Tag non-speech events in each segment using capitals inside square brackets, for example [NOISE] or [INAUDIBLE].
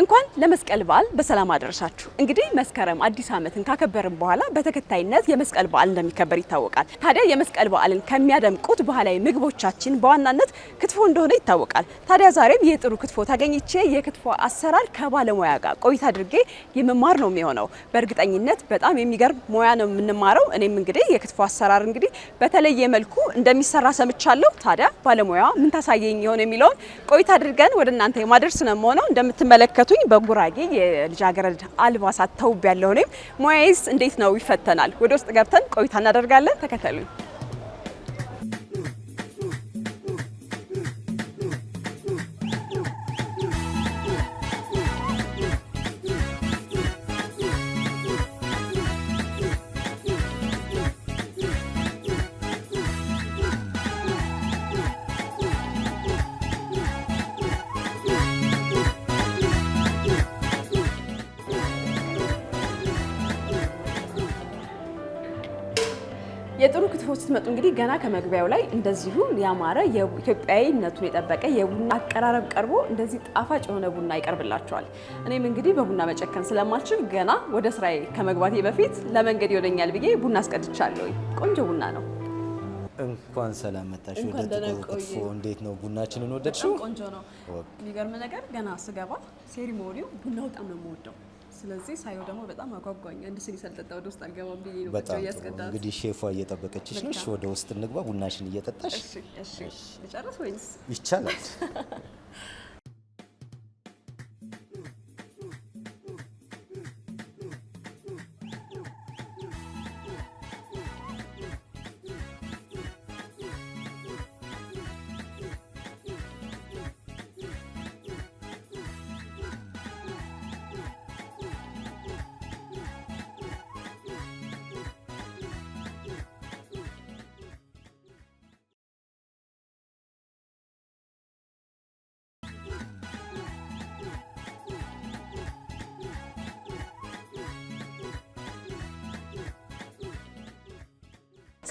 እንኳን ለመስቀል በዓል በሰላም አደረሳችሁ። እንግዲህ መስከረም አዲስ ዓመትን ካከበርን በኋላ በተከታይነት የመስቀል በዓል እንደሚከበር ይታወቃል። ታዲያ የመስቀል በዓልን ከሚያደምቁት ባህላዊ ምግቦቻችን በዋናነት ክትፎ እንደሆነ ይታወቃል። ታዲያ ዛሬም የጥሩ ክትፎ ታገኝቼ የክትፎ አሰራር ከባለሙያ ጋር ቆይታ አድርጌ የመማር ነው የሚሆነው። በእርግጠኝነት በጣም የሚገርም ሙያ ነው የምንማረው። እኔም እንግዲህ የክትፎ አሰራር እንግዲህ በተለየ መልኩ እንደሚሰራ ሰምቻለሁ። ታዲያ ባለሙያዋ ምን ታሳየኝ ይሆን የሚለውን ቆይታ አድርገን ወደ እናንተ የማደርስ ነው የሆነው እንደምትመለከቱ ሲፈቱኝ በጉራጌ የልጃገረድ አልባሳት ተውብ ያለው እኔም ሙያዬስ እንዴት ነው ይፈተናል። ወደ ውስጥ ገብተን ቆይታ እናደርጋለን። ተከተሉኝ። የጥሩ ክትፎ ስትመጡ እንግዲህ ገና ከመግቢያው ላይ እንደዚሁ ያማረ ኢትዮጵያዊነቱን የጠበቀ የቡና አቀራረብ ቀርቦ እንደዚህ ጣፋጭ የሆነ ቡና ይቀርብላቸዋል። እኔም እንግዲህ በቡና መጨከን ስለማልችል ገና ወደ ስራዬ ከመግባቴ በፊት ለመንገድ ይሆነኛል ብዬ ቡና አስቀድቻለሁ። ቆንጆ ቡና ነው። እንኳን ሰላም መጣሽ ወደ ጥሩ ክትፎ። እንዴት ነው ቡናችንን ወደድሽው? ቆንጆ ነው። የሚገርም ነገር ገና ስገባ ሴሪሞኒው ቡና በጣም ነው የምወደው ስለዚህ ሳየው ደግሞ በጣም አጓጓኝ። አንድ ስኒ ሰልጠጣ ወደ ውስጥ አልገባም ብዬ ነው። እያስቀዳ። እንግዲህ ሼፏ እየጠበቀችሽ ነሽ። ወደ ውስጥ እንግባ። ቡናሽን እየጠጣሽ እሺ፣ እሺ። ይቻላል? [LAUGHS]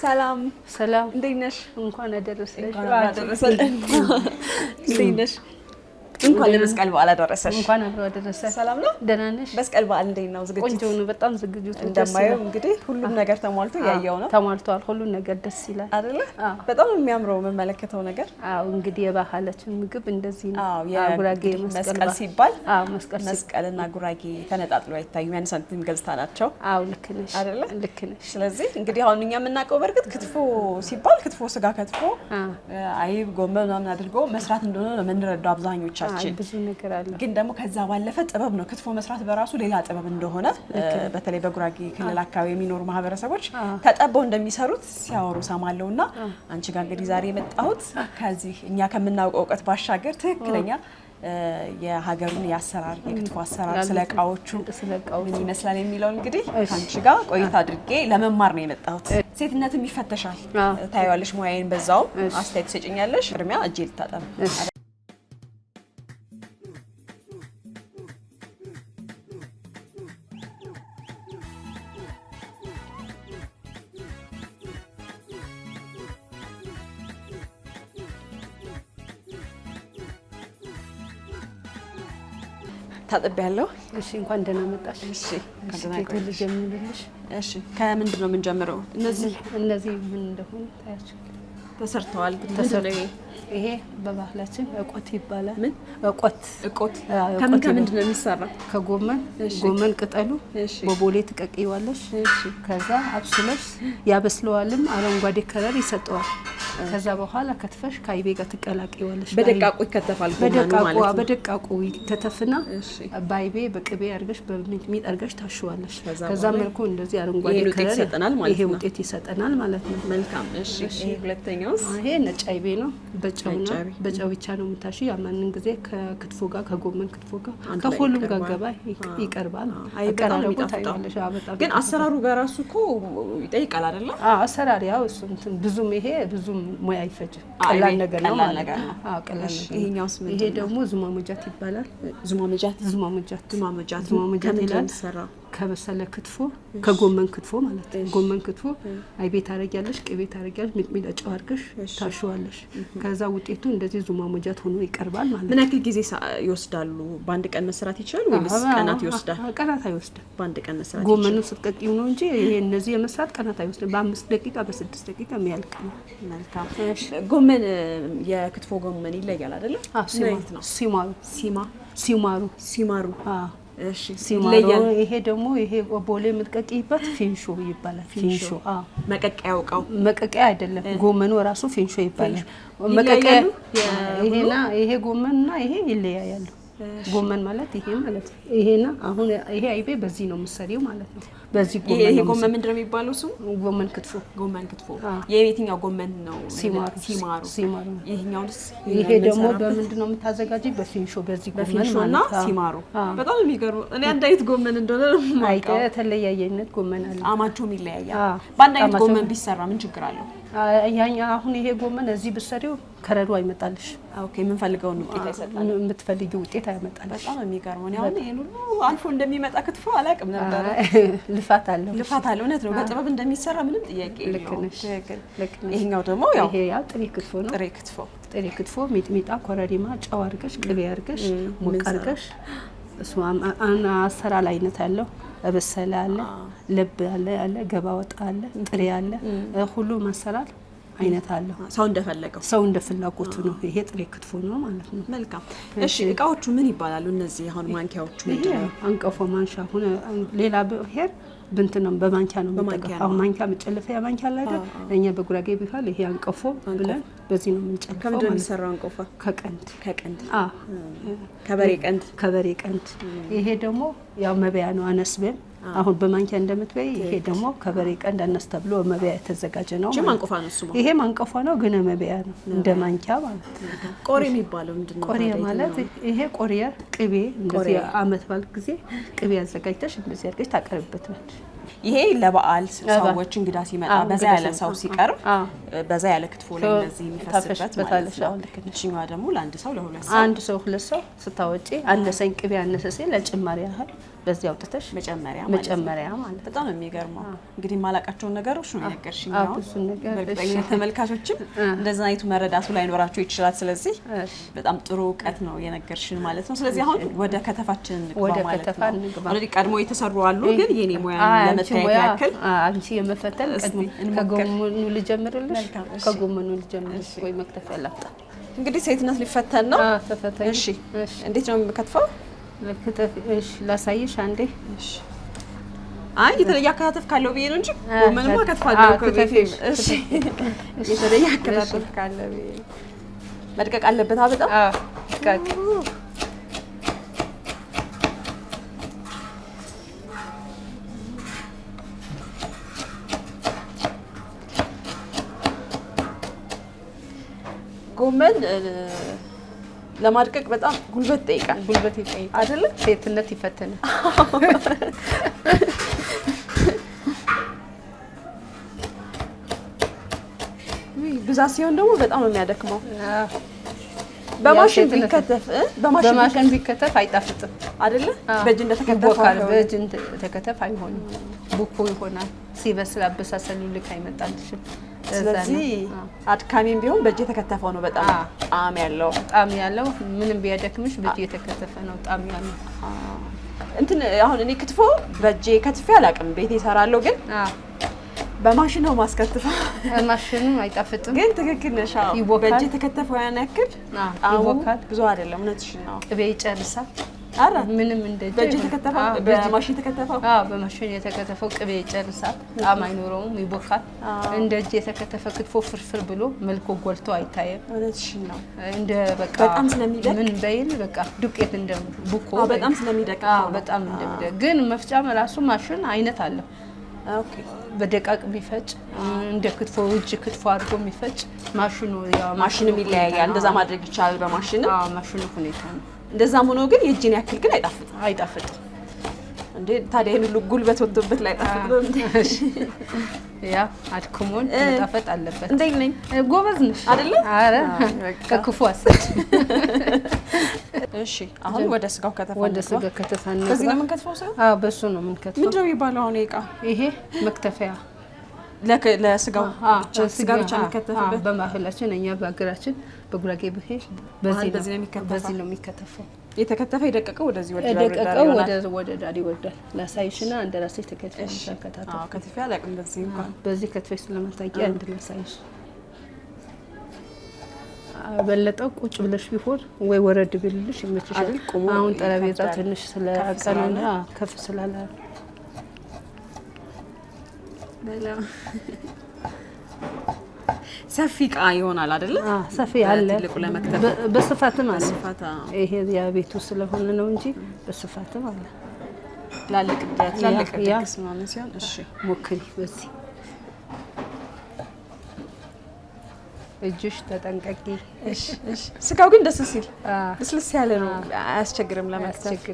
ሰላም ሰላም፣ እንዴት ነሽ? እንኳን አደረሰሽ። እንኳን ለመስቀል በዓል አደረሰሽ። እንኳን አብሮ አደረሰ። ሰላም ነው? ደህና ነሽ? መስቀል በዓል እንዴት ነው ዝግጅት? ቆንጆ ነው በጣም ዝግጅቱ። እንደማየው እንግዲህ ሁሉም ነገር ተሟልቶ ያየው ነው። ተሟልቷል። ሁሉም ነገር ደስ ይላል አይደለ? በጣም የሚያምረው የምመለከተው ነገር። አዎ እንግዲህ የባህላችን ምግብ እንደዚህ ነው። ጉራጌ መስቀል ሲባል መስቀል መስቀልና ጉራጌ ተነጣጥሎ አይታዩም። ያን ሳንቲም ገጽታ ናቸው። አዎ ልክ ነሽ አይደለ? ልክ ነሽ። ስለዚህ እንግዲህ አሁን እኛ የምናውቀው በእርግጥ ክትፎ ሲባል ክትፎ ስጋ ከትፎ አይብ ጎመን ምናምን አድርጎ መስራት እንደሆነ ነው የምንረዳው አብዛኞቻችን የሚችል ግን ደግሞ ከዛ ባለፈ ጥበብ ነው። ክትፎ መስራት በራሱ ሌላ ጥበብ እንደሆነ በተለይ በጉራጌ ክልል አካባቢ የሚኖሩ ማህበረሰቦች ተጠበው እንደሚሰሩት ሲያወሩ ሰማለሁ እና አንቺ ጋር እንግዲህ ዛሬ የመጣሁት ከዚህ እኛ ከምናውቀው እውቀት ባሻገር ትክክለኛ የሀገሩን የአሰራር የክትፎ አሰራር ስለ እቃዎቹ ምን ይመስላል የሚለው እንግዲህ ከአንቺ ጋር ቆይታ አድርጌ ለመማር ነው የመጣሁት። ሴትነትም ይፈተሻል። ታየዋለሽ፣ ሙያዬን በዛውም አስተያየት ትሰጭኛለሽ። ቅድሚያ እጄ ልታጠብ ታጥብ ያለው። እሺ፣ እንኳን ደህና መጣሽ። እሺ፣ ልጀምርልሽ። እሺ፣ ከምንድን ነው የምንጀምረው? እነዚህ እነዚህ ምን እንደሆነ ታያቸው። ተሰርተዋል። ይሄ በባህላችን እቆት ይባላል። ምን እቆት? እቆት ከምን ከምንድን ነው የሚሰራ? ከጎመን ጎመን ቅጠሉ በቦሌ ትቀቅይዋለሽ። ከዛ አብስለሽ ያበስለዋልም፣ አረንጓዴ ከለር ይሰጠዋል። ከዛ በኋላ ከትፈሽ ከአይቤ ጋር ትቀላቅይዋለሽ። በደቃቁ ይከተፋል። በደቃቁ በደቃቁ ይተተፍና በአይቤ በቅቤ አድርገሽ በሚጥሚጥ አድርገሽ ታሽዋለሽ። ከዛ መልኩ እንደዚህ አረንጓዴ ከለር ይሄ ውጤት ይሰጠናል ማለት ነው። መልካም። እሺ፣ ይሄ ሁለተኛውስ? ይሄ ነጭ አይቤ ነው። በጨው ነው፣ በጨው ብቻ ነው የምታሽ። ያማንን ጊዜ ከክትፎ ጋር ከጎመን ክትፎ ጋር ከሁሉም ጋር ገባ ይቀርባል። አቀራረቡ ታይዋለሽ። ግን አሰራሩ በራሱ እኮ ይጠይቃል አይደለ? አሰራር ያው እሱ ብዙም ይሄ ብዙም ሙያ አይፈጅም። ቀላል ነገር ነው ማለት ነው። ቀላል ነገር ነው። ይሄኛው ስም ይሄ ደግሞ ዙማ መጃት ይባላል። ዙማ ዙማ መጃት መጃት ዙማ መጃት ዙማ መጃት ይላል። ከበሰለ ክትፎ ከጎመን ክትፎ ማለት ነው። ጎመን ክትፎ አይቤ ታረጊያለሽ፣ ቅቤ ታረጊያለሽ፣ ሚጥሚጣ ጨው አድርገሽ ታሸዋለሽ። ከዛ ውጤቱ እንደዚህ ዙማ ሞጃት ሆኖ ይቀርባል ማለት ነው። ምን ያክል ጊዜ ይወስዳሉ? በአንድ ቀን መስራት ይችላል ወይስ ቀናት ይወስዳል? ቀናት አይወስድም። በአንድ ቀን መስራት ጎመኑ ስትቀቂው ነው እንጂ ይሄ እነዚህ የመስራት ቀናት አይወስድም። በአምስት ደቂቃ በስድስት ደቂቃ የሚያልቅ ነው። መልካም። ጎመን የክትፎ ጎመን ይለያል አይደለም? ሲማ ሲማሩ ሲማሩ ሲማሩ ሲማሮ ይሄ ደግሞ ይሄ ቦሌ የምትቀቂበት ፊንሾ ይባላል። ፊንሾ አዎ፣ መቀቂያ ያውቀው መቀቂያ አይደለም፣ ጎመኑ ራሱ ፊንሾ ይባላል። መቀቂያ ይሄ ጎመንና ይሄ ይለያያሉ። ጎመን ማለት ይሄ ማለት ይሄና አሁን ይሄ አይቤ በዚህ ነው የምትሰሪው ማለት ነው። በዚህ ጎመን ምንድን ነው የሚባለው? ስሙ ጎመን ክትፎ። ጎመን ክትፎ የየትኛው ጎመን ነው? ሲማሩ ሲማሩ ሲማሩ። ይሄኛው ይሄ ደግሞ በምንድን ነው የምታዘጋጀው? በፊንሾ በዚህ ጎመን ማለት ነው። ሲማሩ በጣም የሚገርሙ እኔ አንድ አይነት ጎመን እንደሆነ ነው የተለያየ አይነት ጎመን አለ። ጣዕማቸውም ይለያያል። በአንድ አይነት ጎመን ቢሰራ ምን ችግር አለው? አሁን ይሄ ጎመን እዚህ ብትሰሪው ከረዱ አይመጣልሽ። ኦኬ የምንፈልገውን ውጤት አይሰጣል። የምትፈልጊው ውጤት አይመጣልሽ። በጣም የሚገርመው ነው። አሁን ይሄን ሁሉ አልፎ እንደሚመጣ ክትፎ አላውቅም ነበር። ልፋት አለ፣ ልፋት አለ። እውነት ነው። በጥበብ እንደሚሰራ ምንም ጥያቄ የለውም። ይሄኛው ደግሞ ያው ይሄ ያው ጥሬ ክትፎ ነው። ጥሬ ክትፎ፣ ጥሬ ክትፎ ሚጥሚጣ፣ ኮረሪማ፣ ጨው አድርገሽ ቅቤ አድርገሽ ሞቅ አድርገሽ እሱ አሰራር አይነት ያለው እበሰለ አለ፣ ልብ አለ፣ ገባ ወጣ አለ፣ ጥሬ አለ። ሁሉም አሰራር አይነት አለው። ሰው እንደፈለገው ሰው እንደፈለጉት ነው። ይሄ ጥሬ ክትፎ ነው ማለት ነው። መልካም። እሺ እቃዎቹ ምን ይባላሉ? እነዚህ አሁን ማንኪያዎቹ አንቀፎ፣ ማንሻ ሆነ ሌላ ብሄር ብንት ነው በማንኪያ ነው የምንጠቀመው። አሁን ማንኪያ መጨለፊያ ማንኪያ አለ አይደል? እኛ በጉራጌ ቢባል ይሄ አንቀፎ ብለን በዚህ ነው የምንጨልፈው። ከምንድን ነው የሚሰራው አንቀፎ? ከቀንድ ከቀንድ ከበሬ ቀንድ ከበሬ ቀንድ። ይሄ ደግሞ ያው መበያ ነው አነስበን አሁን በማንኪያ እንደምትበይ ይሄ ደግሞ ከበሬ ቀንድ አነስ ተብሎ መብያ የተዘጋጀ ነው። ማንቆፋ ነው። እሱ። ይሄ ማንቆፋ ነው፣ ግን መብያ ነው እንደ ማንኪያ ማለት ነው። ቆሬ የሚባለው ምንድን ነው? ቆሬ ማለት ይሄ ቆሬ ቅቤ እንደዚህ አመት ባል ጊዜ ቅቤ አዘጋጅተሽ እንደዚህ አድርገሽ ታቀርብበታል። ይሄ ለበዓል ሰዎች እንግዳ ሲመጣ በዛ ያለ ሰው ሲቀርብ በዛ ያለ ክትፎ ላይ እንደዚህ የሚፈስበት ማለት ነው። ይችኛዋ ደግሞ ለአንድ ሰው ለሁለት ሰው አንድ ሰው ሁለት ሰው ስታወጪ አነሰኝ ቅቤ አነሰሴ ለጭማሪ ያህል በዚህ አውጥተሽ መጨመሪያ መጨመሪያ ማለት በጣም የሚገርመው እንግዲህ ማላቃቸውን ነገሮች ነው የነገርሽኝ። በእርግጠኛ ተመልካቾችም እንደዛ አይቱ መረዳቱ ላይኖራቸው ይችላል። ስለዚህ በጣም ጥሩ እውቀት ነው የነገርሽን ማለት ነው። ስለዚህ አሁን ወደ ከተፋችን ወደ ከተፋ ቀድሞ የተሰሩ አሉ፣ ግን የኔ ሙያ ለመታየት ያክል አንቺ የመፈተል ከጎመኑ ልጀምርልሽ ከጎመኑ ልጀምርልሽ ወይ መክተፍ ያላፍጣ እንግዲህ ሴትነት ሊፈተን ነው። እሺ እንዴት ነው የምከትፈው? ልክትፍ እሺ፣ ላሳይሽ አንዴ። እሺ፣ አይ የተለየ አከታተፍ ካለው ብዬ ነው እንጂ ጎመንማ ከትፋለሁ እኮ ቤቴም። እሺ፣ የተለየ አከታተፍ ካለው ብዬ መድቀቅ አለበት በጣም ቀቅ ጎመን ለማድቀቅ በጣም ጉልበት ጠይቃል። ጉልበት ይጠይቃል አይደለ? ሴትነት ይፈትናል። [LAUGHS] ብዛት ሲሆን ደግሞ በጣም ነው የሚያደክመው። በማሽን ቢከተፍ በማሽን ቢከተፍ አይጣፍጥም አይደለ? በእጅ እንደተከተፈ በእጅ ተከተፍ አይሆንም። ቡኮ ይሆናል። ሲበስል አበሳሰሉ ልክ አይመጣልሽም። ስለዚህ አድካሚም ቢሆን በእጅ የተከተፈው ነው በጣም ያለው ያለው ምንም ቢያደክምሽ በእጅ የተከተፈ ነው ያለው። እንትን አሁን እኔ ክትፎ በእጄ ከትፌ አላውቅም፣ ቤቴ እሰራለሁ ግን በማሽን ነው ማስከትፈው። ማሽኑ አይጣፍጥም ግን ትክክል ነሽ። የተከተፈው ያን ያክል ብዙ አይደለም። ነው። ቅቤ ይጨርሳል ምንም እንደዚህ በእጅ በማሽን አዎ፣ በማሽን የተከተፈው ቅቤ ይጨርሳል፣ ጣም አይኖረውም፣ ይቦካል። እንደ እጅ የተከተፈ ክትፎ ፍርፍር ብሎ መልኩ ጎልቶ አይታየም። ነው እንደ በቃ በጣም ስለሚደቅ ምን በይል በቃ ዱቄት እንደ ቡኮ በጣም ስለሚደቅ በጣም እንደሚደቅ ግን መፍጫም ራሱ ማሽን አይነት አለው። በደቃቅ የሚፈጭ እንደ ክትፎ እጅ ክትፎ አድርጎ የሚፈጭ ማሽኑ ማሽንም ይለያያል። እንደዛ ማድረግ ይቻላል በማሽንም ማሽኑ ሁኔታ ነው እንደዛም ሆኖ ግን የእጅን ያክል ግን አይጣፍጥም አይጣፍጥም። እንዴ ታዲያ ይሄን ሁሉ ጉልበት ወጥቶበት ላይ ጣፍጥ ያ አድክሞን መጣፈጥ አለበት። እንዴት ነኝ? ጎበዝ ነሽ አይደለ? አረ ከክፉ አሰች። እሺ አሁን ወደ ስጋው ከተፋ ወደ ስጋ ከተፋ ነው። ከዚህ ነው የምንከትፈው ሰው? አዎ በሱ ነው የምንከትፈው። ምንድን ነው የሚባለው አሁን እቃ ይሄ መክተፊያ ለስጋው ብቻ ስጋ ብቻ የሚከተፍበት በማህላችን እኛ በሀገራችን በጉራጌ ብሄድ በዚህ ነው የሚከተፈው። የተከተፈ የደቀቀው ወደዚህ ወደ የደቀቀው ወደ ዳር ይወርዳል። ላሳይሽና እንደ ራስሽ ተከትፈሽ አከታተፍ ከትፌ አላውቅም። በዚህ እንኳን በዚህ ከትፈሽ ስለማታውቂያ እንድ ላሳይሽ በለጠው ቁጭ ብለሽ ቢሆን ወይ ወረድ ብልልሽ ይመችሻል። አሁን ጠረጴዛ ትንሽ ስለቀኑና ከፍ ስላለ ሰፊ እቃ ይሆናል አይደለ? ሰፊ አለ በስፋትም አለ። ይሄ ያ ቤቱ ስለሆነ ነው እንጂ በስፋትም አለ። ትላልቅ ላልቅ ድግስ ምናምን ሲሆን እሺ፣ ሞክሪ በዚህ እጅሽ ተጠንቀቂ። እሺ፣ እሺ። ስጋው ግን ደስ ሲል ልስልስ ያለ ነው፣ አያስቸግርም ለመክተፍ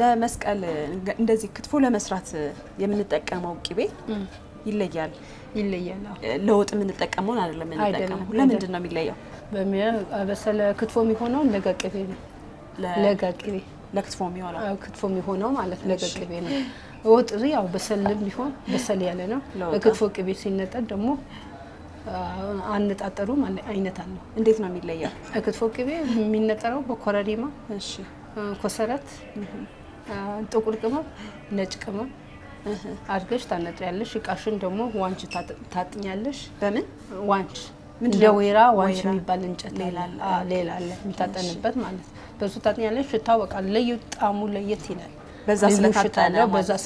ለመስቀል እንደዚህ ክትፎ ለመስራት የምንጠቀመው ቅቤ ይለያል። ይለያል። ለወጥ የምንጠቀመውን አይደለም የምንጠቀመው። ለምንድን ነው የሚለየው? በሰለ ክትፎ የሚሆነው ለጋ ቅቤ ነው። ለጋ ቅቤ ለክትፎ የሚሆነው ክትፎ የሚሆነው ማለት ለጋ ቅቤ ነው። ወጥ ያው በሰልም ቢሆን በሰል ያለ ነው። ክትፎ ቅቤ ሲነጠር ደግሞ አነጣጠሩም አይነት አለው። እንዴት ነው የሚለየው? ክትፎ ቅቤ የሚነጠረው በኮረሪማ እሺ ኮሰረት፣ ጥቁር ቅመም፣ ነጭ ቅመም አድርገሽ ታነጥሪያለሽ። እቃሽን ደግሞ ዋንች ታጥኛለሽ። በምን ዋንች? እንደ ዋንች የሚባል እንጨት ሌላ አለ የሚታጠንበት ማለት ነው። በሱ ታጥኛለሽ። ሽታው ለዩ ጣሙ ለየት ይላል። በዛ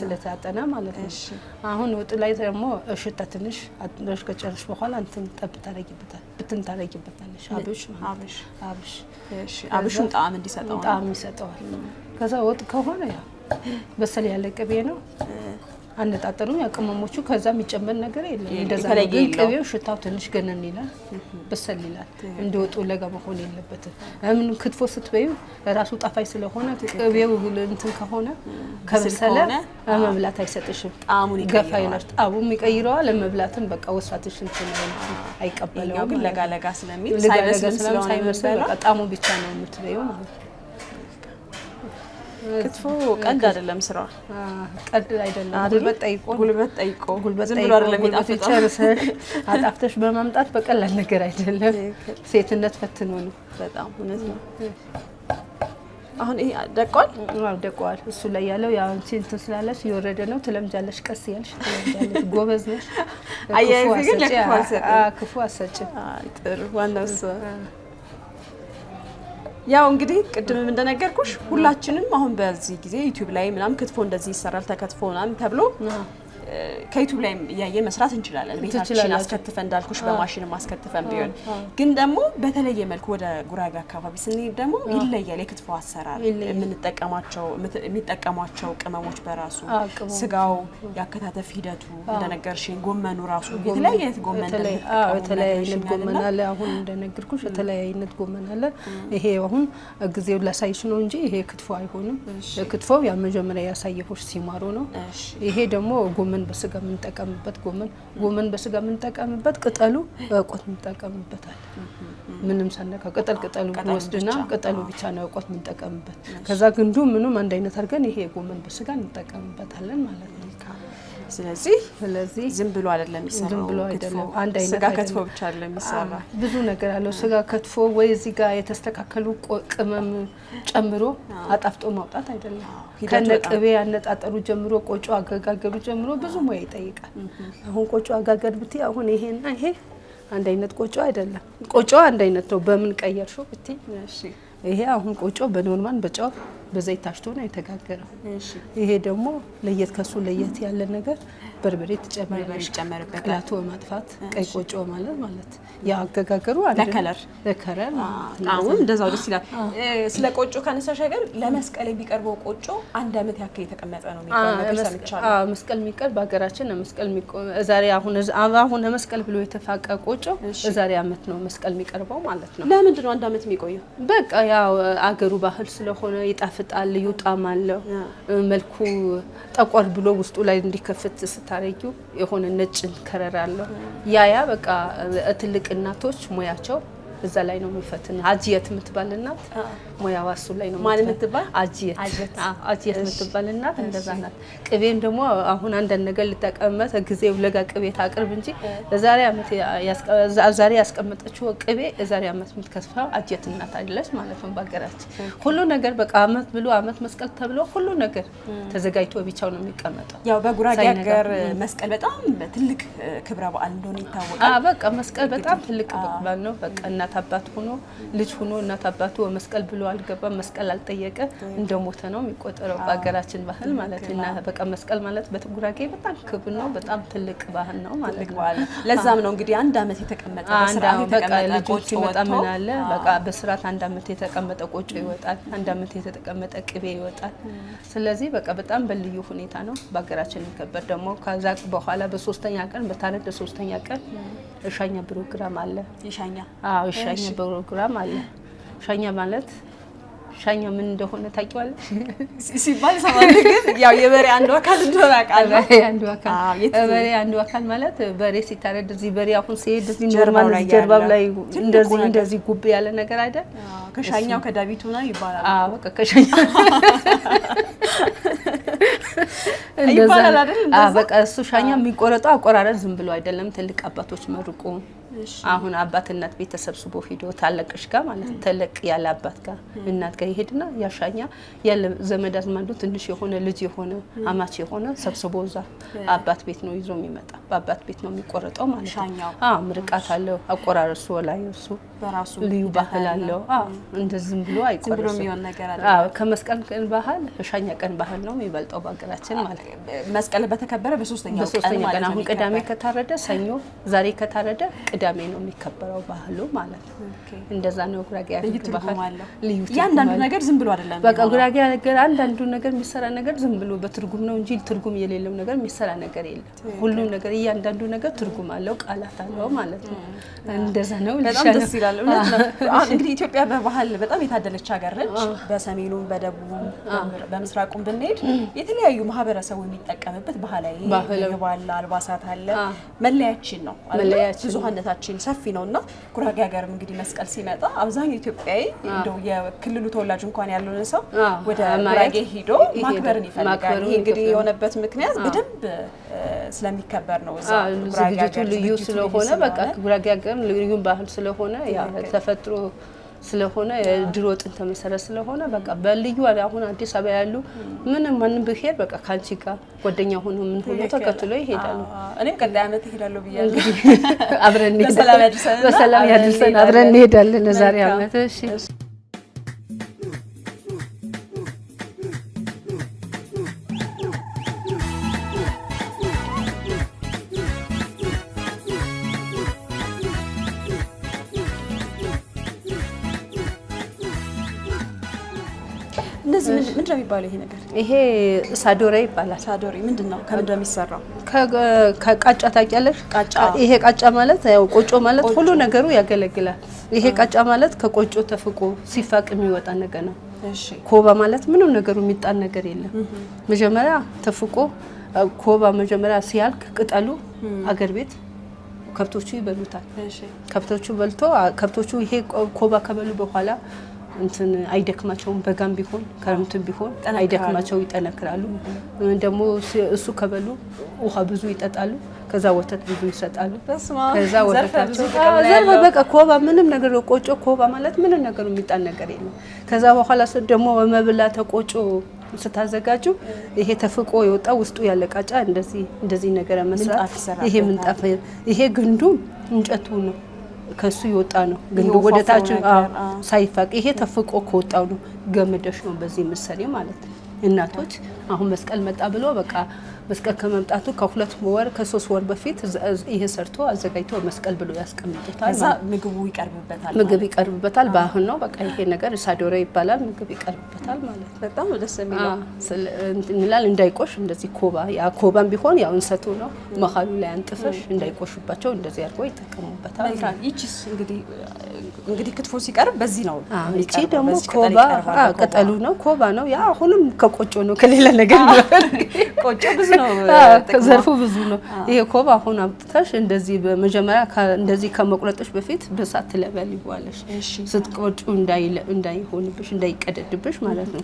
ስለታጠነ ማለት ነው። አሁን ወጥ ላይ ደግሞ እሽታ ትንሽ አጥንሽ ከጨረሽ በኋላ እንትን ጠብ ታደርጊበታል ብትን ታደርጊበታለሽ። አብሽ አብሽ አብሽ እሺ፣ አብሹን ጣዕም እንዲሰጠው ጣዕም ይሰጠዋል። ከዛ ወጥ ከሆነ ያ በሰል ያለ ቅቤ ነው አነጣጠሩም ያው ከዛ የሚጨመር ነገር የለም። እንደዛ ግን ቅቤው ሽታው ትንሽ ገነን ይላል፣ በሰል ይላል። እንዲወጡ ለጋ መሆን የለበትም። ምን ክትፎ ስትበዩ ራሱ ጣፋይ ስለሆነ ቅቤው እንትን ከሆነ ከበሰለ መብላት አይሰጥሽም፣ ገፋ ይላል። ጣቡም ይቀይረዋል። መብላትን በቃ ወሳትሽ እንትን አይቀበለውም። ግን ለጋ ለጋ ስለሚል ሳይመስል በቃ ጣዕሙ ብቻ ነው የምትበዩ ማለት ነው። ክትፎ ቀልድ አይደለም፣ ስራዋ ቀልድ አይደለም። ጉልበት ጠይቆ ጉልበት ጠይቆ ጉልበት [LAUGHS] አጣፍተሽ በማምጣት በቀላል ነገር አይደለም። ሴትነት ፈትኖ ነው። በጣም እውነት ነው። አሁን ይሄ ደቋል ደቋል። እሱ ላይ ያለው እንትን ስላለሽ የወረደ ነው። ትለምጃለሽ፣ ቀስ ያልሽ ትለምጃለሽ። ጎበዝ ነሽ። ክፉ አሰጭ። ጥሩ ዋናው እሱ ያው እንግዲህ ቅድምም እንደነገርኩሽ ሁላችንም አሁን በዚህ ጊዜ ዩቲዩብ ላይ ምናምን ክትፎ እንደዚህ ይሰራል ተከትፎ ምናምን ተብሎ ከዩቱብ ላይ እያየን መስራት እንችላለን። ቤታችን አስከትፈ እንዳልኩሽ በማሽን አስከትፈን ቢሆን ግን ደግሞ በተለየ መልኩ ወደ ጉራጌ አካባቢ ስንሄድ ደግሞ ይለያል። የክትፎ አሰራር የምንጠቀማቸው የሚጠቀሟቸው ቅመሞች በራሱ ስጋው፣ ያከታተፍ ሂደቱ እንደነገርሽኝ ጎመኑ ራሱ የተለያየ አይነት ጎመን የተለያየ አይነት ጎመን አለ። አሁን እንደነገርኩሽ የተለያየ አይነት ጎመን አለ። ይሄ አሁን ጊዜው ላሳይሽ ነው እንጂ ይሄ ክትፎ አይሆንም። ክትፎ ያ መጀመሪያ ያሳየሁሽ ሲማሮ ነው። ይሄ ደግሞ ጎመን ጎመን በስጋ የምንጠቀምበት ጎመን ጎመን በስጋ የምንጠቀምበት ቅጠሉ እቆት እንጠቀምበታል። ምንም ሳነካ ቅጠል ቅጠሉ ወስድና ቅጠሉ ብቻ ነው እቆት የምንጠቀምበት። ከዛ ግንዱ ምኑም አንድ አይነት አድርገን ይሄ ጎመን በስጋ እንጠቀምበታለን ማለት ነው። ስለዚህ ስለዚህ ዝም ብሎ አይደለም ዝም ብሎ አይደለም አንድ አይነት ስጋ ከትፎ ብቻ አይደለም የሚሰራ ብዙ ነገር አለው። ስጋ ከትፎ ወይ እዚህ ጋር የተስተካከሉ ቅመም ጨምሮ አጣፍጦ ማውጣት አይደለም። ከነ ቅቤ አነጣጠሩ ጀምሮ ቆጮ አገጋገሩ ጀምሮ ብዙ ሙያ ይጠይቃል። አሁን ቆጮ አጋገር ብትይ አሁን ይሄና ይሄ አንድ አይነት ቆጮ አይደለም። ቆጮ አንድ አይነት ነው። በምን ቀየርሽው ብትይ ይሄ አሁን ቆጮ በኖርማል በጨው በዘይት ታሽቶ ነው የተጋገረው። ይሄ ደግሞ ለየት ከሱ ለየት ያለ ነገር በርበሬ ትጨምሪያለሽ፣ ቅላቱ በማጥፋት ቀይ ቆጮ ማለት ማለት ያገጋገሩ ለከለር ለከለር ጣሙም እንደዛው ደስ ይላል። ስለ ቆጮ ካነሳሽ ነገር ለመስቀል የሚቀርበው ቆጮ አንድ ዓመት ያክል የተቀመጠ ነው የሚባለው መስቀል የሚቀርብ በሀገራችን መስቀል ዛሬ አሁን አሁን መስቀል ብሎ የተፋቀ ቆጮ ዛሬ ዓመት ነው መስቀል የሚቀርበው ማለት ነው። ለምንድን ነው አንድ ዓመት የሚቆየው? በቃ ያው አገሩ ባህል ስለሆነ ይጣፍ ይከፍታል። ይውጣም አለው መልኩ ጠቆር ብሎ ውስጡ ላይ እንዲከፍት ስታረጊው የሆነ ነጭን ከረር አለው። ያያ በቃ ትልቅ እናቶች ሙያቸው እዛ ላይ ነው የሚፈትን። አጅየት የምትባል እናት ሙያዋ እሱ ላይ ነው ማን የምትባል አጅየት የምትባል እናት እንደዛ ናት። ቅቤም ደግሞ አሁን አንዳንድ ነገር ልጠቀምበት ጊዜው ለጋ ቅቤ ታቅርብ እንጂ ዛሬ ያስቀመጠችው ቅቤ ዛሬ አመት የምትከስፈው አጅየት እናት አለች ማለት ነው። በሀገራችን ሁሉ ነገር በቃ አመት ብሎ አመት መስቀል ተብሎ ሁሉ ነገር ተዘጋጅቶ ብቻው ነው የሚቀመጠው። ያው በጉራጌ ሀገር መስቀል በጣም ትልቅ ክብረ በዓል እንደሆነ ይታወቃል። በቃ መስቀል በጣም ትልቅ በዓል ነው። በቃ እናት እናት አባት ሆኖ ልጅ ሆኖ እናት አባቱ መስቀል ብሎ አልገባም፣ መስቀል አልጠየቀ እንደ ሞተ ነው የሚቆጠረው በሀገራችን ባህል ማለት እና በቃ መስቀል ማለት በጉራጌ በጣም ክብር ነው፣ በጣም ትልቅ ባህል ነው ማለት ነው። ለዛም ነው እንግዲህ አንድ አመት የተቀመጠ በቃ ልጆች ይወጣል ምን አለ በቃ በስርዓት አንድ አመት የተቀመጠ ቆጮ ይወጣል፣ አንድ አመት የተቀመጠ ቅቤ ይወጣል። ስለዚህ በቃ በጣም በልዩ ሁኔታ ነው በሀገራችን የሚከበር ደግሞ ከዛ በኋላ በሶስተኛ ቀን በታረደ ሶስተኛ ቀን እሻኛ ፕሮግራም አለ። እሻኛ አዎ፣ ሻኛ ፕሮግራም አለ። ሻኛ ማለት ሻኛ ምን እንደሆነ ታውቂዋለሽ ሲባል ሰማን፣ ግን ያው የበሬ አንዱ አካል እንደሆነ አውቃለሁ። የበሬ አንዱ አካል ማለት በሬ ሲታረድ እዚህ በሬ አሁን ሲሄድ እዚህ ጀርባው ላይ እንደዚህ እንደዚህ ጉብ ያለ ነገር አይደል? ከሻኛው ከዳቢቱ ነው ይባላል። አዎ በቃ ከሻኛው ይባላል አይደል? በቃ እሱ ሻኛ የሚቆረጠው አቆራረጥ ዝም ብሎ አይደለም። ትልቅ አባቶች መርቁ አሁን አባት አባትናት ቤተሰብስቦ ሂዶ ታለቅሽ ጋር ማለት ተለቅ ያለ አባት ጋር እናት ጋር ይሄድና ያሻኛ ያለ ዘመድ አዝማዱ ትንሽ የሆነ ልጅ የሆነ አማች የሆነ ሰብስቦ እዛ አባት ቤት ነው ይዞ የሚመጣ በአባት ቤት ነው የሚቆረጠው ማለት ነው። ምርቃት አለው አቆራረሱ ወላይ እሱ ልዩ ባህል አለው። እንደዝም ብሎ አይቆረሱ። ከመስቀል ቀን ባህል እሻኛ ቀን ባህል ነው የሚበልጠው በሀገራችን ማለት መስቀል በተከበረ በሶስተኛው ቀን አሁን ቅዳሜ ከታረደ ሰኞ ዛሬ ከታረደ ቅዳሜ ነው የሚከበረው ባህሉ ማለት ነው። እንደዛ ነው ጉራጌ አገር ነገር ዝም ብሎ አይደለም። በቃ ጉራጌ አንዳንዱ ነገር የሚሰራ ነገር ዝም ብሎ በትርጉም ነው እንጂ ትርጉም የሌለው ነገር የሚሰራ ነገር የለም። ሁሉም ነገር እያንዳንዱ ነገር ትርጉም አለው፣ ቃላት አለው ማለት ነው። እንደዛ ነው። በጣም ደስ ይላል። [LAUGHS] እንግዲህ ኢትዮጵያ በባህል በጣም የታደለች ሀገር ነች። በሰሜኑም፣ በደቡቡም፣ በምስራቁም ብንሄድ የተለያዩ ማህበረሰቡ የሚጠቀምበት ባህላዊ ባህል አልባሳት አለ። መለያችን ነው ብዙሀነታችን ባህላችን ሰፊ ነው እና ጉራጌ ሀገርም እንግዲህ መስቀል ሲመጣ አብዛኛው ኢትዮጵያዊ እንደው የክልሉ ተወላጅ እንኳን ያልሆነ ሰው ወደ ጉራጌ ሂዶ ማክበርን ይፈልጋል። ይህ እንግዲህ የሆነበት ምክንያት በደንብ ስለሚከበር ነው። ዝግጅቱ ልዩ ስለሆነ በቃ ጉራጌ ሀገርም ልዩ ባህል ስለሆነ ተፈጥሮ ስለሆነ የድሮ ጥንት መሰረት ስለሆነ በቃ በልዩ አሁን አዲስ አበባ ያሉ ምንም ማንም ብሄር በቃ ከአንቺ ጋር ጓደኛ ሆኖ ምን ሆኖ ተከትሎ ይሄዳሉ። እኔም ቀጣይ አመት ይሄዳሉ ብያለሁ። አብረን እንሄዳለን። በሰላም ያድርሰን። አብረን እንሄዳለን። ዛሬ አመት እሺ የሚባለው ይሄ ነገር? ይሄ ሳዶሬ ይባላል። ሳዶሬ ምንድን ነው? ከምንድን ከቃጫ ታውቂያለሽ? ቃጫ። ይሄ ቃጫ ማለት ያው ቆጮ ማለት ሁሉ ነገሩ ያገለግላል። ይሄ ቃጫ ማለት ከቆጮ ተፍቆ ሲፋቅ የሚወጣ ነገር ነው። ኮባ ማለት ምንም ነገሩ የሚጣል ነገር የለም። መጀመሪያ ተፍቆ ኮባ መጀመሪያ ሲያልቅ ቅጠሉ አገር ቤት ከብቶቹ ይበሉታል። ከብቶቹ በልቶ ከብቶቹ ይሄ ኮባ ከበሉ በኋላ እንትን አይደክማቸውም። በጋም ቢሆን ክረምትም ቢሆን አይደክማቸው፣ ይጠነክራሉ። ደግሞ እሱ ከበሉ ውሃ ብዙ ይጠጣሉ። ከዛ ወተት ብዙ ይሰጣሉ። ከዛ ወተታቸው በቃ ኮባ ምንም ነገር ቆጮ ኮባ ማለት ምንም ነገር የሚጣል ነገር የለም። ከዛ በኋላ ደግሞ በመብላ ተቆጮ ስታዘጋጁ ይሄ ተፍቆ የወጣ ውስጡ ያለ ቃጫ እንደዚህ እንደዚህ ነገር መስራት ይሄ ምንጣፍ ይሄ ግንዱ እንጨቱ ነው ከሱ የወጣ ነው ግን ወደ ታች ሳይፋቅ፣ ይሄ ተፍቆ ከወጣው ነው ገመደሽ ነው በዚህ ምሳሌ ማለት እናቶች አሁን መስቀል መጣ ብሎ በቃ መስቀል ከመምጣቱ ከሁለት ወር ከሶስት ወር በፊት ይሄ ሰርቶ አዘጋጅቶ መስቀል ብሎ ያስቀምጡታል። ምግቡ ይቀርብበታል፣ ምግብ ይቀርብበታል። ባህል ነው በቃ ይሄ ነገር ሳዶሬ ይባላል። ምግብ ይቀርብበታል ማለት በጣም ደስ የሚለው እንላል። እንዳይቆሽ እንደዚህ ኮባ ያ ኮባም ቢሆን ያው እንሰቱ ነው መሀሉ ላይ አንጥፈሽ እንዳይቆሹባቸው እንደዚህ አድርጎ ይጠቀሙበታል። ይቺስ እንግዲህ እንግዲህ ክትፎ ሲቀርብ በዚህ ነው። ይቺ ደግሞ ኮባ ቅጠሉ ነው ኮባ ነው። ያ አሁንም ከቆጮ ነው ከሌለ ፈለገ ቆጮ ብዙ ነው፣ ዘርፉ ብዙ ነው። ይሄ ኮብ አሁን አምጥተሽ እንደዚህ በመጀመሪያ እንደዚህ ከመቁረጥሽ በፊት በሳት ትለበልበዋለሽ፣ ስትቆጩ እንዳይሆንብሽ እንዳይቀደድብሽ ማለት ነው።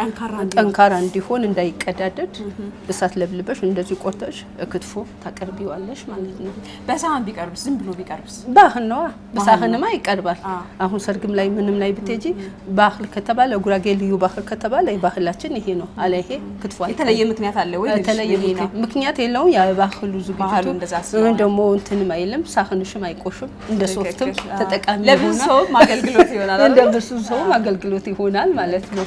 ጠንካራ እንዲሆን እንዳይቀዳደድ በሳት ለብልበሽ እንደዚህ ቆርጠሽ ክትፎ ታቀርቢዋለሽ ማለት ነው። በሳህን ቢቀርብስ ዝም ብሎ ቢቀርብስ? ባህል ነዋ። በሳህንማ ይቀርባል። አሁን ሰርግም ላይ ምንም ላይ ብትሄጂ ባህል ከተባለ ጉራጌ ልዩ ባህል ከተባለ ባህላችን ይሄ ነው አለ ይሄ ክትፎ የተለየ ምክንያት አለ ወይ? የተለየ ምክንያት የለውም። ያ ባህሉ ዝግጅቱ ወይም ደግሞ እንትንም አይልም፣ ሳህንሽም አይቆሽም። እንደ ሶፍትም ተጠቃሚ ለብዙ ሰው [LAUGHS] አገልግሎት ይሆናል ማለት ነው።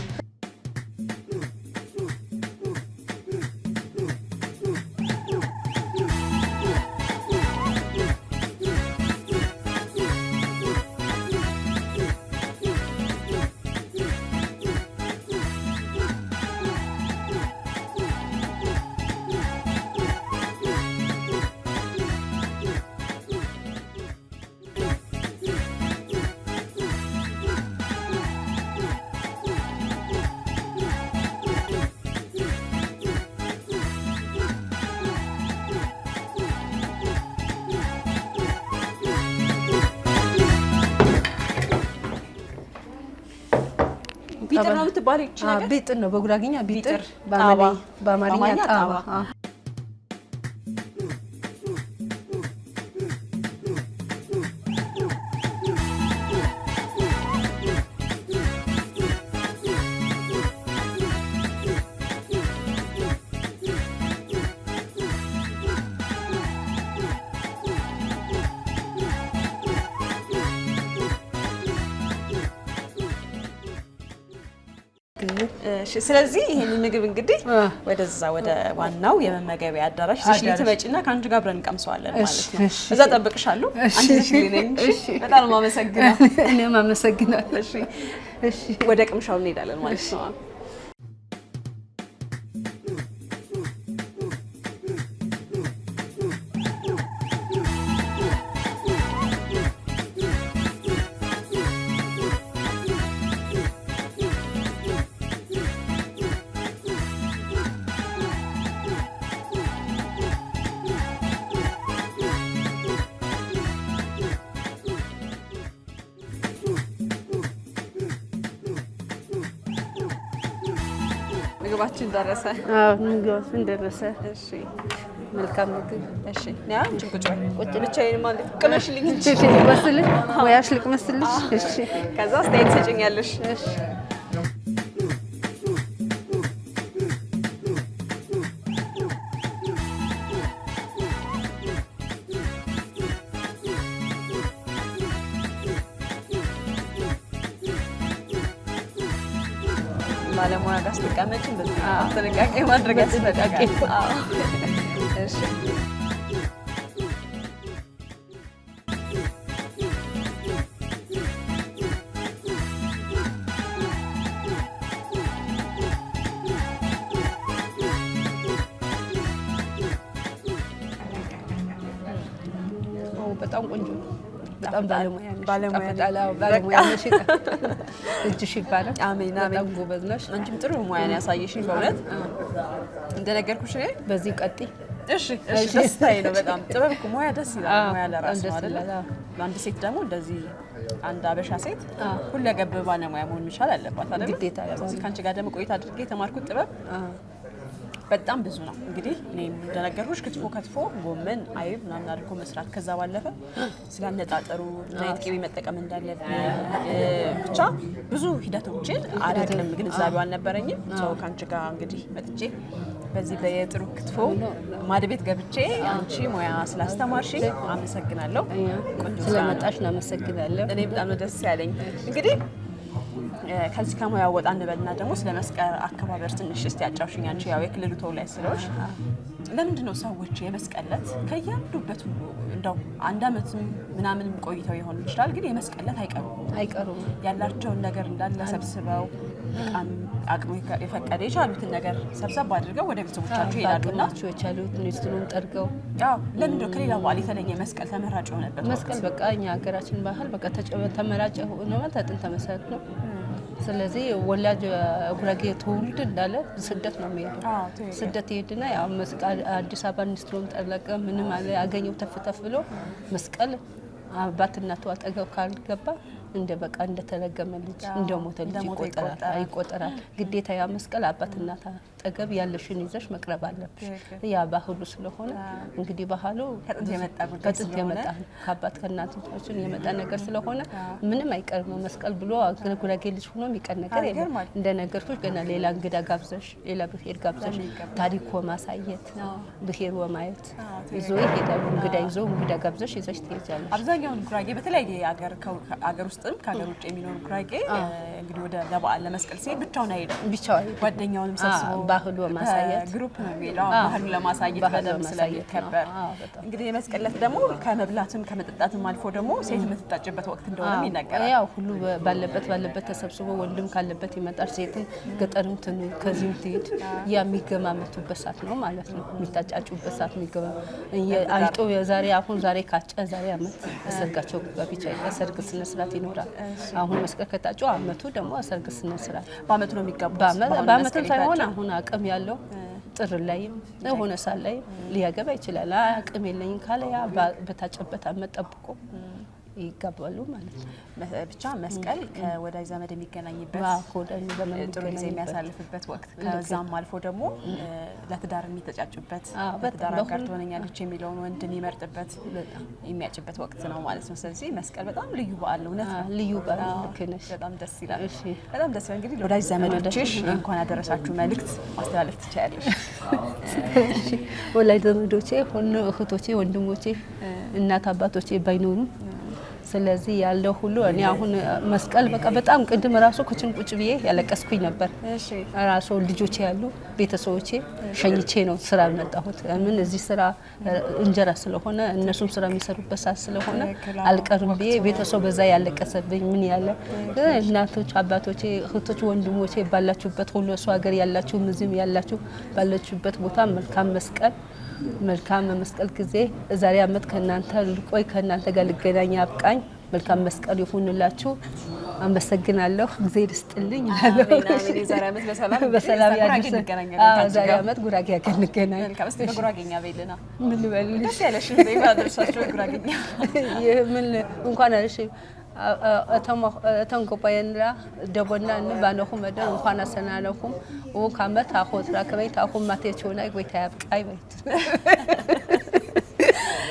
ቢጥር ነው የምትባለው ይቺ ነገር ቢጥር ነው በጉራጌኛ ቢጥር፣ በአማርኛ ጣባ ስለዚህ ይሄን ምግብ እንግዲህ ወደዛ ወደ ዋናው የመመገቢያ አዳራሽ እሺ፣ ትመጪና ከአንቺ ጋር አብረን እንቀምሰዋለን ማለት ነው። እዛ እጠብቅሻለሁ። አንቺ ልጅ ነኝ። በጣም አመሰግናለሁ። እኔም አመሰግናለሁ። ወደ ቅምሻው እንሄዳለን ማለት ነው። ምግባችን ደረሰ። አዎ ምግባችን ደረሰ። እሺ መልካም ምግብ። እሺ ያ ጭቁጭ ቁጭ ብቻዬን ማለት ቅመሽልኝ፣ ልቅመስልሽ፣ ሙያሽ ልቅመስልሽ። እሺ ከዛ አስተያየት ሰጭኛለሽ። እሺ አልተነቅም ጥንቃቄ ማድረግ ያስፈልጋል። እሺ በጣም ቆንጆ ነው። በጣም ባለሙያ ነሽ። [LAUGHS] እጅሽ ይባላል። አሜን አሜን። ጎበዝ ነሽ። አንቺም ጥሩ ሙያ ነው ያሳየሽኝ በእውነት እንደነገርኩሽ። እኔ በዚህ ቀጥይ እሺ። ደስታዬ ነው በጣም [LAUGHS] ጥበብ እኮ ሙያ ደስ ይላል። ሙያ ለራሱ አይደል? አንድ ሴት ደግሞ እንደዚህ አንድ አበሻ ሴት ሁለገብ ባለሙያ መሆን መቻል አለባት አይደል? ግዴታ። ከአንቺ ጋር ደግሞ ቆይታ አድርጌ የተማርኩት ጥበብ በጣም ብዙ ነው። እንግዲህ እኔ እንደነገርኩሽ ክትፎ ከትፎ ጎመን፣ አይብ ምናምን አድርጎ መስራት ከዛ ባለፈ ስላነጣጠሩ ምን አይነት ቅቤ መጠቀም እንዳለብን ብቻ ብዙ ሂደቶችን አላቅም፣ ግንዛቤው አልነበረኝም። ሰው ከአንቺ ጋር እንግዲህ መጥቼ በዚህ በየጥሩ ክትፎ ማድ ቤት ገብቼ አንቺ ሙያ ስላስተማርሽ አመሰግናለሁ። ስለመጣሽ እናመሰግናለሁ። እኔ በጣም ነው ደስ ያለኝ እንግዲህ ከዚህ ከሙያ ወጣ እንበልና ደግሞ ስለ መስቀል አከባበር ትንሽ እስቲ ያጫውሽኝ። አንቺ ያው የክልሉ ተወላጅ ስለሆንሽ ለምንድን ነው ሰዎች የመስቀለት ዕለት ከያሉበት ሁሉ እንደው አንድ አመትም ምናምንም ቆይተው የሆኑ ይችላል፣ ግን የመስቀለት አይቀሩም አይቀሩም ያላቸውን ነገር እንዳለ ሰብስበው አቅሙ የፈቀደ የቻሉትን ነገር ሰብሰብ አድርገው ወደ ቤተሰቦቻቸው ይሄዳሉና የቻሉት ኒስትሉን ጠርገው ለምንድ ከሌላ በዓል የተለየ መስቀል ተመራጭ የሆነበት? መስቀል በቃ እኛ ሀገራችን ባህል በቃ ተመራጭ ሆነ ተጥን ተመሰረት ነው ስለዚህ ወላጅ ጉራጌ ትውልድ እንዳለ ስደት ነው የሚሄዱ። ስደት ይሄድና አዲስ አበባ ኢንስትሮም ጠለቀ ምንም አለ ያገኘው ተፍተፍ ብሎ መስቀል አባት እናቱ አጠገብ ካልገባ እንደ በቃ እንደተረገመ ልጅ እንደሞተ ልጅ ይቆጠራል። ግዴታ ያ መስቀል አባት እናት አጠገብ ያለሽን ይዘሽ መቅረብ አለብሽ። ያ ባህሉ ስለሆነ እንግዲህ ባህሉ ከጥንት የመጣ ከአባት ከእናቶቻችን የመጣ ነገር ስለሆነ ምንም አይቀርም። መስቀል ብሎ ጉራጌ ልጅ ሆኖ የሚቀር ነገር የለም። እንደ ነገርኩሽ ገና ሌላ እንግዳ ጋብዘሽ፣ ሌላ ብሄር ጋብዘሽ ታሪኮ ማሳየት ብሄር ወማየት ይዞ ይሄዳሉ። እንግዳ ይዞ እንግዳ ጋብዘሽ ይዘሽ ትሄጃለሽ። አብዛኛውን ጉራጌ በተለያየ አገር ውስጥም ከሀገር ውጭ የሚኖር ጉራጌ እንግዲህ ወደ ለበዓል ለመስቀል ሲሄድ ብቻውን አይሄድም። ብቻው ጓደኛውንም ሰብስቦ ባህሉ ማሳየት ግሩፕ ነው የሚለው ባህሉ ለማሳየት በደምብ ስለሚከበር እንግዲህ የመስቀል ዕለት ደግሞ ከመብላትም ከመጠጣትም አልፎ ደግሞ ሴት የምትታጭበት ወቅት እንደሆነ ይነገራል። ያው ሁሉ ባለበት ባለበት ተሰብስቦ ወንድም ካለበት ይመጣል፣ ሴትም ገጠርም ትኑ ከዚህም ትሄድ ያ የሚገማመቱበት ሰዓት ነው ማለት ነው። የሚታጫጩበት ሰዓት የሚገባ አይጦ የዛሬ አሁን ዛሬ ካጨ ዛሬ አመት እሰርጋቸው በፊት ሰርግ ስነ ይኖራል። አሁን መስቀል ከታጩ አመቱ ደግሞ ሰርግ ስነ ስርዓት በአመቱ ነው የሚጋቡት በአመቱ ሳይሆን አሁን አቅም ያለው ጥር ላይም ሆነ ሳል ላይም ሊያገባ ይችላል። አቅም የለኝም ካለ ያ በታጨበት አመጠብቆ ጠብቆ ይጋባሉ ማለት ነው። ብቻ መስቀል ከወዳጅ ዘመድ የሚገናኝበት ጥሩ ጊዜ የሚያሳልፍበት ወቅት ከዛም አልፎ ደግሞ ለትዳር የሚተጫጩበት ለትዳር አጋር ትሆነኛለች የሚለውን ወንድ የሚመርጥበት የሚያጭበት ወቅት ነው ማለት ነው። ስለዚህ መስቀል በጣም ልዩ በዓል ነው። እውነት ልዩ በዓል በጣም ደስ ይላል። በጣም ደስ ይላል። እንግዲህ ለወዳጅ ዘመዶችሽ እንኳን ያደረሳችሁ መልእክት ማስተላለፍ ትችላለሽ። ወላጅ ዘመዶቼ ሆነ እህቶቼ፣ ወንድሞቼ፣ እናት አባቶቼ ባይኖሩም ስለዚህ ያለው ሁሉ እኔ አሁን መስቀል በቃ በጣም ቅድም ራሱ ኩችን ቁጭ ብዬ ያለቀስኩኝ ነበር። ራሱ ልጆቼ ያሉ ቤተሰቦቼ ሸኝቼ ነው ስራ የመጣሁት። ምን እዚህ ስራ እንጀራ ስለሆነ እነሱም ስራ የሚሰሩበት ሰዓት ስለሆነ አልቀርም ብዬ ቤተሰብ በዛ ያለቀሰብኝ ምን ያለ እናቶች፣ አባቶቼ፣ እህቶች፣ ወንድሞቼ ባላችሁበት ሁሉ እሱ ሀገር ያላችሁ ምዝም ያላችሁ ባላችሁበት ቦታ መልካም መስቀል መልካም መስቀል ጊዜ ዛሬ አመት ከእናንተ ልቆይ ከእናንተ ጋር ልገናኝ አብቃኝ። መልካም መስቀል ይሁንላችሁ። አመሰግናለሁ። ጊዜ ልስጥልኝ። በሰላም [LAUGHS] ዛሬ አመት ጉራጌ ያገር እንገናኝ። ምን ልበልሽ? ምን እንኳን አለሽ እተን ጎጳየንራ ደጎና ን ባነኹ እንኳን አሰናለኹም ው ካመት አኾትራ ከበይት አኹም ማቴችውናይ ጎይታ ያብቃይ በይት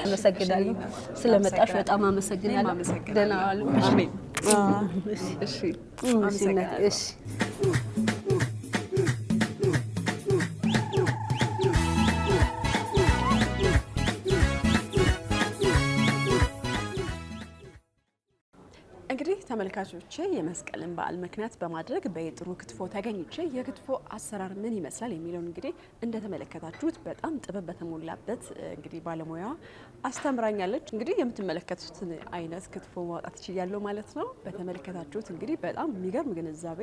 አመሰግናለሁ። ስለመጣሽ በጣም አመሰግናለሁ። ደህና ዋሉ። እሺ እሺ እሺ ተመልካቾቼ የመስቀልን በዓል ምክንያት በማድረግ በየጥሩ ክትፎ ተገኝቼ የክትፎ አሰራር ምን ይመስላል የሚለውን እንግዲህ እንደተመለከታችሁት በጣም ጥበብ በተሞላበት እንግዲህ ባለሙያ አስተምራኛለች። እንግዲህ የምትመለከቱትን አይነት ክትፎ ማውጣት እችላለሁ ማለት ነው። በተመለከታችሁት እንግዲህ በጣም የሚገርም ግንዛቤ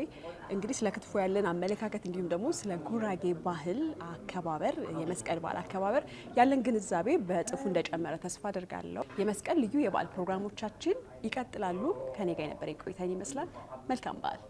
እንግዲህ ስለ ክትፎ ያለን አመለካከት እንዲሁም ደግሞ ስለ ጉራጌ ባህል አከባበር፣ የመስቀል በዓል አከባበር ያለን ግንዛቤ በእጥፉ እንደጨመረ ተስፋ አድርጋለሁ። የመስቀል ልዩ የበዓል ፕሮግራሞቻችን ይቀጥላሉ። ከኔ ጋር የነበረ ቆይታን ይመስላል። መልካም በዓል